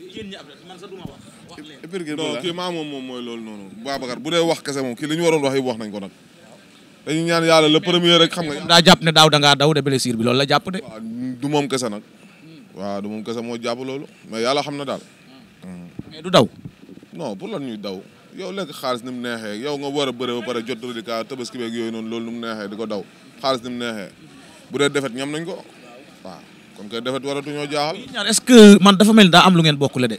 non kii maa moom moom mooy loolu noonu Babacar bu dee wax kese moom kii li ñu waroon wax yëpp wax nañ ko nag dañu ñaan yàlla le premier xam nga daa jàpp ne daaw da daw de blessure bi loolu la jàpp de waaw du moom kese nag waaw du moom kese moo jàpp loolu mais yàlla xam na daal hmm. du daw no pour la ñuy daw yow lekk xaalis ni mu neexee yow nga war a bëre ba pare jot reliquat tabaski beeg yooyu noonu loolu ni mu neexee di ko daw xaalis ni mu neexee bu dee defet ñam nañ ko kon kay defet waratuñoo jaaxal. ñaar est-ce que man dafa mel ni daa am lu ngeen bokk la de.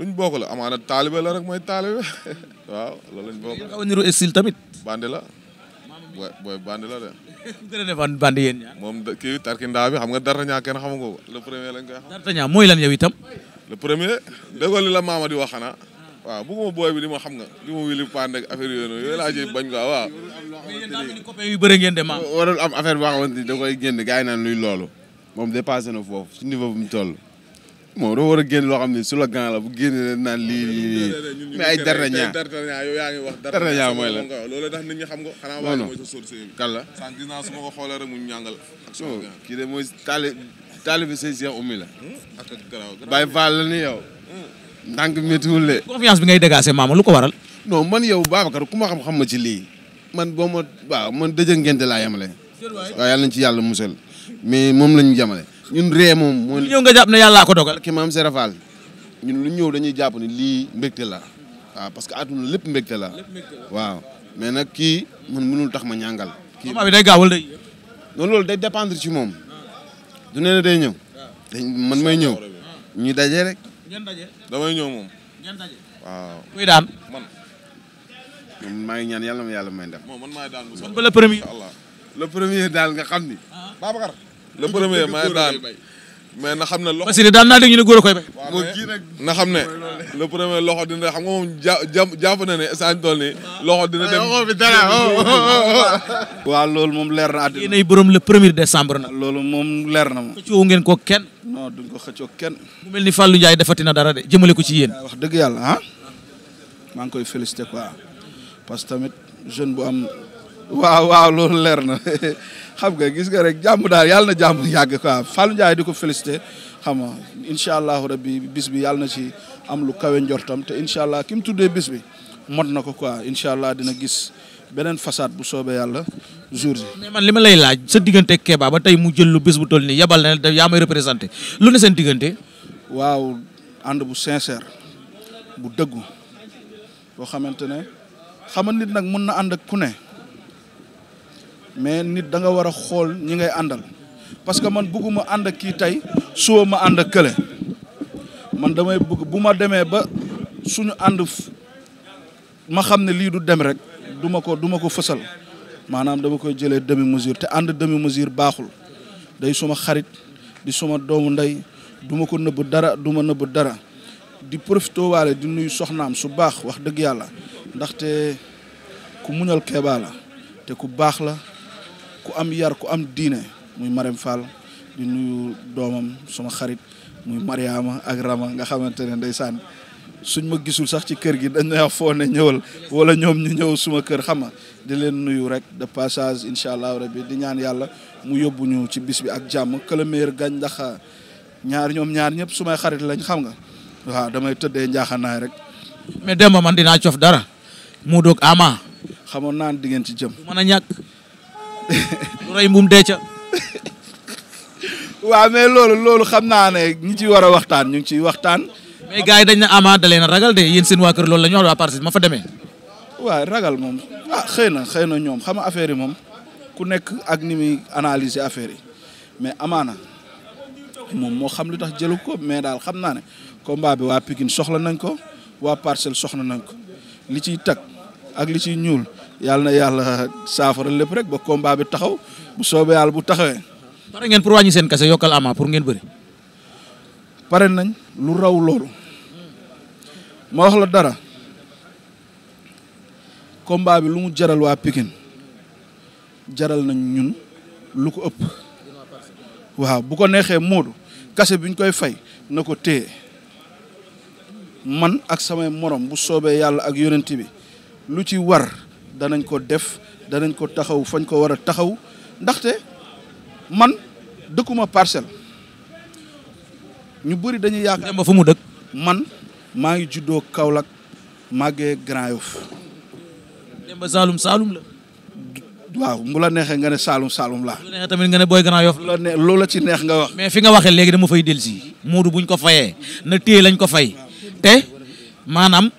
luñ bokk la amaana taalibe la rek mooy taalibe waaw la lañ bokk. yéen a niru style tamit. bandi la booy booy bandi la de. gën a ne bandi moom kii tarkindaa bi xam nga dara ñaa kenn xamu ko le premier lañ koy xam. dara ñaa mooy lan yow itam. le premier déggoo li la maama di wax xanaa. waaw bëgguma booy bi di ma xam nga di ma wili paan ak affaire yooyu noonu laa ciy bañ quoi waaw. warul am affaire boo xamante ni da koy génn gars yi naan luy loolu. moom dépassé na foofu su niveau bu mu toll. moom dafa war a génn loo xam ne su la la bu génne naan lii lii lii mais ay darnañaa darnañaa yow yaa ngi wax darnañaa mooy la loolu tax nit xam nga xanaa sa sorcier bi mu ñàngal so kii de mooy taali taalibi say la hmm? ak garaaw Baye Fall ni yow hmm. ndànk méttiwul de confiance bi ngay dégager maama lu ko waral non man yow Babacar ku ma xam-xam ma ci lii man boo ma waaw man dëjë ngente laa yemale waaw ci yàlla musal mais moom la ñu jamale ñun ree moom moo ñëw nga jàpp ne yàllaa ko dogal ki maam serafal ñun lu ñëw dañuy jàpp ne lii mbégte la waaw parce que àdduna lépp mbégte la waaw mais nag kii man mënul tax ma ñàngal kii bi day gaawal day noonu loolu day dépendre ci moom du nee na day ñëw ah. dañ man may ñëw ñu daje rek damay ñëw moom waaw kuy daan man maa ngi ñaan yàlla ma yàlla may ndam man maay daan bu la premier la premier daal nga xam ni. Babacar. le premier may daan mais na xam ne loxo. Basile daan naa dégg ñu ne góor a koy na xam ne. le premier loxo dina xam nga moom ja jàpp na ne saa ñu toll nii. loxo dina dem loxo bi oh, oh, oh, loolu moom leer na àddina. yéenay borom le premier décembre na. lool moom leer na ma. xëccoo ngeen ko kenn. non duñ ko xëccoo kenn. mu mel ni Fallou Ndiaye defati na dara de jëmale ko ci yéen. wax dëgg yàlla ah. maa ngi koy félicité quoi parce que jeune bu am. waaw waaw loolu leer na xam nga gis nga rek jàmm daal yàlla jàmm yàgg quoi falu Ndiaye di ko félicité xam nga incha allahu rabbi bis bi yàlla na ci am lu kawe njortam te incha allah ki mu tuddee bis bi mot na ko quoi incha allah dina gis beneen façade bu soobee yàlla jour bi. mais man li ma lay laaj sa diggante Kéba ba tey mu jël lu bis bu toll nii yabal na yaa may représenté lu ne seen diggante. waaw ànd bu sincère bu dëggu boo xamante ne xam nit nag mun na ànd ak ku ne. mais nit da nga war a xool ñi ngay àndal parce que man ma ànd ak kii tey suba ma ànd ak kële man damay bëgg bu ma demee ba suñu ànd ma xam ne lii du dem rek duma ko du ko fësal maanaam dama koy jëlee demi mesure te ànd demi mesure baaxul day suma xarit di suma doomu ndey duma ko nëbb dara du ma nëbb dara di profité waale di nuyu soxnaam su baax wax dëgg yàlla ndaxte ku muñal keebaa la te ku baax la ku am yar ku am diine muy Marème Fall di nuyu doomam suma xarit muy Mariama ak Rama nga xamante ne ndeysaan suñ ma gisul sax ci kër gi dañ na ah foo ne ñëwal wala ñoom ñu ñëw suma kër xam nga di leen nuyu rek de incha allah rabbi di ñaan yàlla mu yóbbu ñu ci bis bi ak jàmm que le meilleur ñaar ñoom ñaar ñëpp sumay xarit lañ xam nga waaw damay tëddee njaaxanaay rek. mais démb man dinaa cof dara. mu doog ama xamoon naan di ci jëm. mën a ñàkk. lu rey mbuum dee ca. waaw mais loolu loolu xam naa ne ñi ci war a waxtaan ñu ngi ciy waxtaan. mais gars yi dañ ne Ama da leen a ragal de yéen seen waa loolu la ñu wax waa Parcelles ma ragal moom ah, xëy na xëy na ñoom xam nga affaire yi moom ku nekk ak ni muy analyser affaire yi mais amaana moom moo xam li tax jëlu ko mais daal xam naa ne combat bi waa Pikine soxla nañ ko waa Parcelles soxla nañ ko li ciy tag ak li ciy ñuul. yàlla na yàlla saafara lépp rek ba combat bi taxaw bu soobee yàlla bu taxawee. pare ngeen pour wàññi seen kase yokkal ama pour ngeen bëri. pare nañ lu raw loolu ma wax la dara combat bi lu mu jaral waa pikin jaral nañ ñun lu ko ëpp waaw bu ko neexee Modou kase biñ koy fay na ko téye man ak samay morom bu soobee yàlla ak yonent bi lu ci war. danañ ko def danañ ko taxaw fañ ko war a taxaw ndaxte man dëkkuma parcelle ñu bëri dañuy yaakaar ba fu mu dëkk man maa ngi juddoo Kaolack màggee Grand Yoff Demba Saalum Saalum la waaw bu la neexee nga ne Saalum Saalum laa. bu la tamit nga ne booy Grand Yoff la ne loola ci neex nga wax. mais fi nga waxee léegi dama fay dellusi. Moodu buñ ko fayee na téye lañ ko fay te maanaam.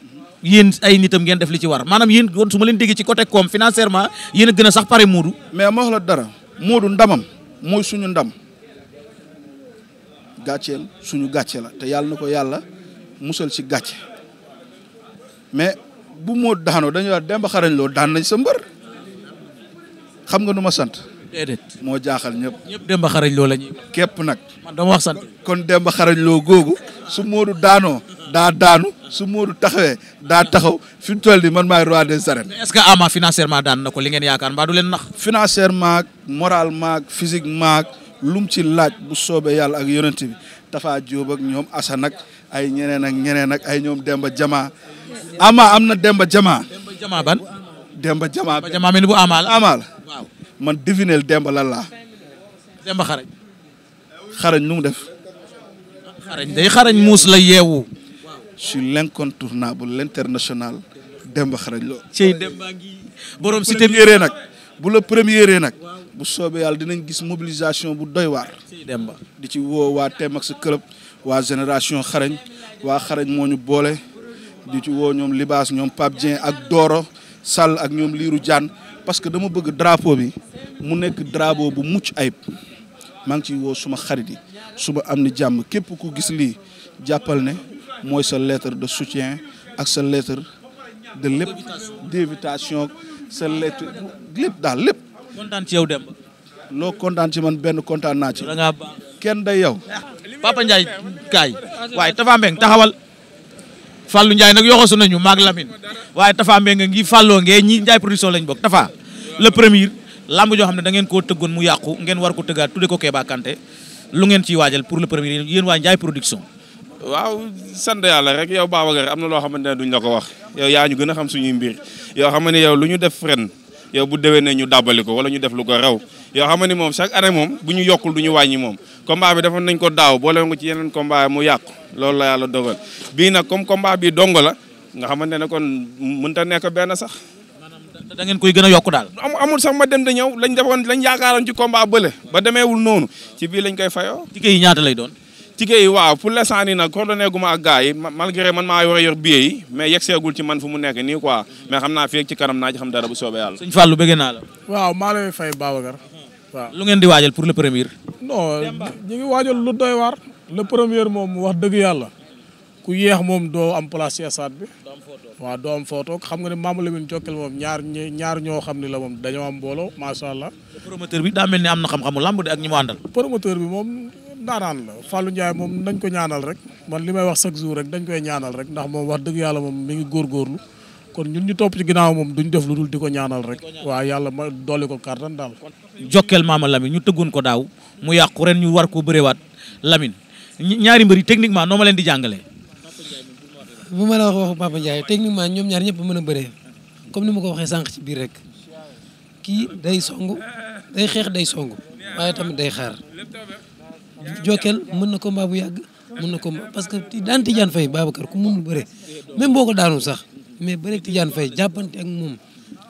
yéen ay nitam ngeen def li ci war maanaam yéen kon leen déggee ci côté koom financièrement yéen a gën a sax pare Moodu. mais ma wax la dara Moodu ndamam mooy suñu ndam gàcceel suñu gàcce la te yàlla na ko yàlla musal ci gàcce mais bu Moodu daanoo dañuy wax Demba Xarañ Lo daan nañ sa nga nu ma sant. moo jaaxal ñëpp. ñëpp Demba Xarañ Lo la képp nag. man dama wax sant. kon Demba Xarañ Lo googu su Moodu daanoo. daa daanu su Modou taxawee daa taxaw fi mu toll nii man maay roi des arènes. mais est-ce que Ama financièrement daan na ko li ngeen yaakaar leen nax. financièrement ak moralement ak physiquement ak lu ci laaj bu soobee yàlla ak yonent bi Tafa Diop ak ñoom Assane ak ay ñeneen ak ñeneen ak ay ñoom Demba Jama Ama am na Demba Jama. Jama ban. Demba jamaa Jama mel bu Ama la waaw man devinel Demba lan laa. Demba xarañ. nu def. xarañ day xarañ muus la yeewu. sur l'incontournable l'international Demba Xarañ Lo. cey Demba ngi borom cité nag bu la premier nag bu soobee yàlla dinañ gis mobilisation bu doy waar. Demba di ci woo waa Temax club waa génération xarañ waa xarañ moo ñu boole di ci woo ñoom Libaas ñoom Pape Dieng ak dooro Sall ak ñoom Liiru Jaan parce que dama bëgg drapeau bi mu nekk drapeau bu mucc ayib maa ngi ciy woo suma xarit yi suma am ni jàmm képp ku gis lii jàppal ne. mooy sa lettre de soutien ak sa lettre de lépp d'invitation sa lettre lépp daal lépp. kontaan ci yow dem. loo kontaan ci man benn kontaan naa ci. kenn day yow. Papa njaay kaay waaye Tafa Mbeng taxawal. Fallou Ndiaye nag yoxosu nañu maag Lamine waaye Tafa Mbeng ngi Fallou ngee ñi Ndiaye production lañ bokk Tafa le premier lamb joo xam ne da ngeen ko tëggoon mu yàqu ngeen war ko tëggaat tudde ko Keba Kanté lu ngeen ciy waajal pour le premier yéen waa njaay production. waaw sant yàlla rek yow Babacar am na loo xamante ne duñ la ko wax yow yaa ñu gën a xam suñuy mbir yoo xam ne yow lu ñu def ren yow bu déwee ne ñu dàbbali ko wala ñu def lu ko raw yoo xam ne moom chaque année moom bu ñu yokkul du ñu wàññi moom combat bi defoon nañ ko daaw boole ko ci yeneen combat mu yàqu loolu la yàlla dogal bii nag comme combat bi dong la nga xamante ne kon mënta nekk benn sax. da ngeen koy gën a yokk daal. amul sax ma dem da ñëw lañ defoon lañ yaakaaroon ci combat bële ba wul noonu ci bii lañ koy fayoo. ticket yi ñaata lay doon. ticket yi waaw pour l'instant nii nag coordonné gu ma ak gars yi malgré man maa war a yor billet yi mais yegg seegul ci man fu mu nekk nii quoi mais xam naa fii ci kanam naa ci xam dara bu soobee yàlla. sëñ Fallou bëgg naa la. waaw maa lay fay Babacar. waaw lu ngeen di waajal pour le premier. non ñu ngi waajal lu doy waar. le premier moom wax dëgg yàlla. ku yéex moom doo am place bi. waaw doo am photo xam nga ne Mamadou Lamine Jokal moom ñaar ñoo xam ne la moom dañoo am mbooloo macha allah. promoteur ndaanaan la Fallou Ndiaye moom nañ ko ñaanal rek man li may wax chaque jour rek dañ koy ñaanal rek ndax moom wax dëgg yàlla moom mi ngi góorgóorlu kon ñun ñu topp ci ginnaaw moom duñ def lu dul di ko ñaanal rek waaw yàlla ma dolli ko kàttan daal jokkeel Mama Lamine ñu tëggoon ko daaw mu yàqu ren ñu war ko bëréwaat Lamine ñaari mbëri techniquement noo ma leen di jàngalee mu ma a wax waxu Papa Ndiaye techniquement ñoom ñaar ñëpp mën a bëree comme ni ma ko waxee sànq ci biir rek day song xeex day song tamit day xaar Jokal mën na combat bu yàgg mën na combat parce que daan Tidiane Faye Babacar ku mun bëre même boo ko daanul sax mais bëre Tidiane Faye jàppante ak moom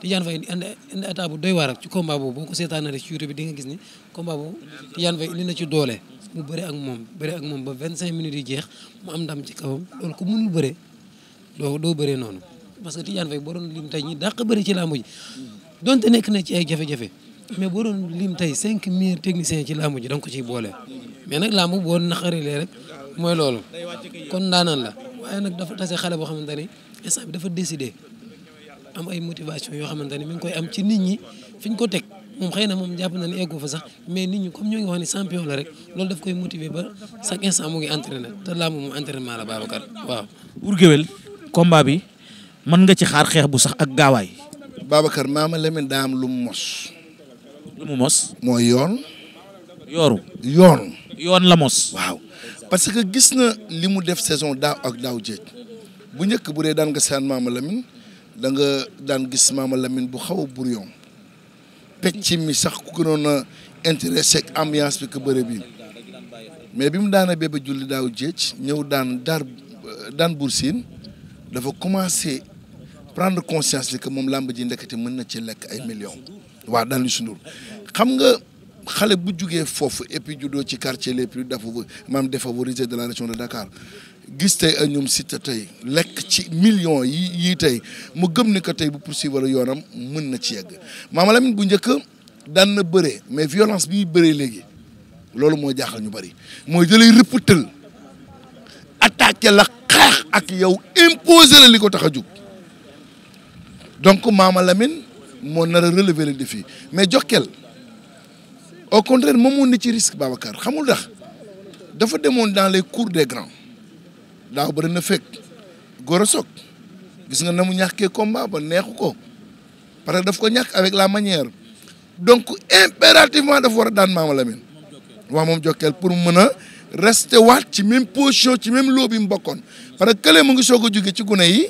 Tidiane Faye indi indi attaque bu doy waar ak ci combat boobu ko seetaan rek bi di nga gis ni combat boobu Tidiane na ci doole mu bëre ak moom bëre ak moom ba 25 minutes yi jeex mu am dam ci kaw loolu ku munul bëre doo doo bëree noonu parce que Tidiane Faye boo doon lim tey ñi dàq bëri ci làmb ji donte nekk na ci ay jafe-jafe. mais boo doon lim tey cinq mille techniciens ci làmb ji da nga ko ciy boole mais nag làmb boo naqarilee rek mooy loolu kon daanan la waaye nag dafa tase xale boo xamante ni instant bi dafa décidé am ay motivation yoo xamante ni mi ngi koy am ci nit ñi fi ñu ko teg moom xëy na moom jàpp na ni eggu fa sax mais nit ñi comme ñoo ngi wax ni champion la rek loolu daf koy motiver ba chaque instant mu ngi entraîné te làmb moom entraînement la Babacar waaw. Bour Gueweul combat bi mën nga ci xaar xeex bu sax ak gaawaay. Babacar maama Lamine daa am lu mu mos. lu mooy yoon. yooru yoon. yoon la mos. waaw parce que gis na li mu def saison daaw ak daaw jéeg bu njëkk bu dee daan nga seen maama Lamine da nga daan gis maama Lamine bu xaw a brouillon pecc mi sax ku gënoon a intéressé ak ambiance bi ko bëre bi mais bi mu daana bébé julli daaw jéeg ñëw daan dar daan Bour Sine dafa commencé prendre conscience li que moom làmb ji ndekete mën na ci lekk ay millions. waaw daan Youssou Ndour xam nga xale bu jugee foofu et ju doo ci quartier les plus dafa maanaam défavorisé de la région de Dakar gis tey ak ñoom Siteu tey lekk ci millions yi yii tey mu gëm ni que tey bu poursuivre yoonam mën na ci yegg Mama bu njëkk daan na bëree mais violence bi bëree léegi loolu moo jaaxal ñu bëri mooy dalay rëppatal attaqué la xeex ak yow imposer la li ko tax a jug donc Mama moo nar a relever le défi mais Jokkel au contraire moom moo ne ci risque Babacar xamul ndax dafa demoon dans les cours des grands daaw bëri na fekk góor a gis nga na mu ñàkkee combat ba neexu ko parce que daf ko ñàkk avec la manière donc impérativement dafa war a daan Maama Lamine waaw moom Jokkel pour mën a rester waat ci même position ci même loo bi mu bokkoon parce que kële mu ngi soog a jóge ci gune yi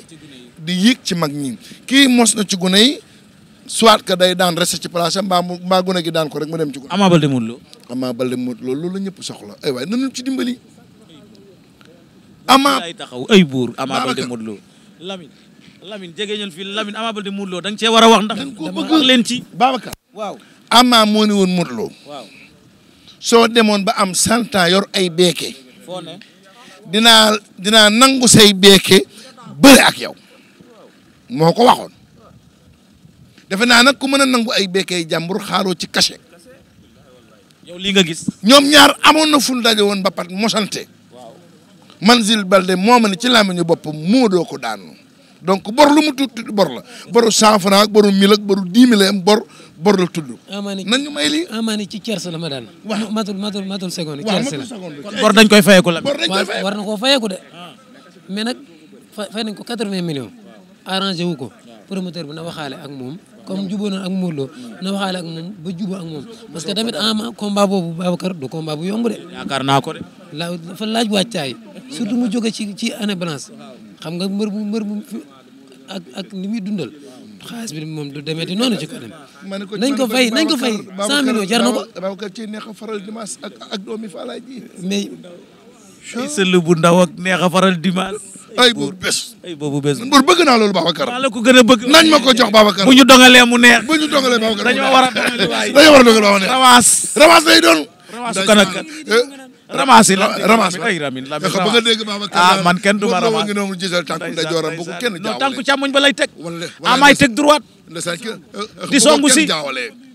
di yéeg ci mag ñi ki mos na ci gune yi. soit que day daan resté ci place mbaa mu mbaa gën a gi daan ko rek mu dem ci guddi. Ama Baldé Modou Lô. Ama Baldé Modou Lô loolu la ñëpp soxla ay eh waay nañu ci dimbali. Ama ay taxaw ay buur Ama Baldé Modou Lô. Lamine Lamine jege ñun fii Lamine Ama Baldé Modou Lô da wax ndax. dañ ko bëgg leen ci Babacar. waaw Ama moo ne woon Modou Lô. waaw soo demoon ba am cent ans yor ay beeke. foo ne nangu say beeke bëre ak yow moo ko waxoon. defe naa nag ku mën a nangu ay bekkee jàmbur xaaroo ci cachet. lii nga gis. ñoom ñaar amoon na fu ñu daje woon ba pat mosante. Manzil Balde moo ma ne ci làmmiñu boppam moo doo ko daanu donc bor lu mu tudd bor la boru cent franc boru mille ak boru dix mille am bor bor la tudd. amaani nan ñu may lii. amaani ci cerse la ma daan. waaw matul matul matul seconde. waaw matul seconde dañ koy fayeeku la. bor fayeeku war na koo de. mais nag fay ko quatre vingt millions. arrangé wu ko promoteur bi na waxaale ak moom. comme jubo na ak Modou Lo na waxaale ak moom ba jubóo ak moom parce que tamit ama combat boobu Babacar du combat bu yomb de. yaakaar naa ko la dafa laaj wàccaay surtout mu jóge ci ci année blanche xam nga mbër bu mbër bu ak ak ni muy dundal xaalis bi moom du demeti noonu ci kanam. nañ ko fay nañ ko fay 100 na ko. Babacar ci neex a faral dimanche ak ak doomi bu ndaw ak neex ay buur bés ay boobu bés man buur bëgg naa loolu Babacar maa la ko a bëgg nañ ma ko jox Babacar bu ñu dogalee mu neex bu ñu dogalee Babacar dañoo war a dogal waay dañoo war a dogal Babacar rawaas rawaas lay doon rawaas kan eh, la bëgg a dégg ah, ma ramas ngi noonu gisal tànku ndeyjooram ah, eh, eh, bu ko kenn jaawale tànku càmmoñ teg ah di songu si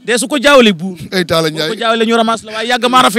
dee ko jaawale buur ay Talla Ndiaye ko jaawale ñu ramas la waaye yàgg maa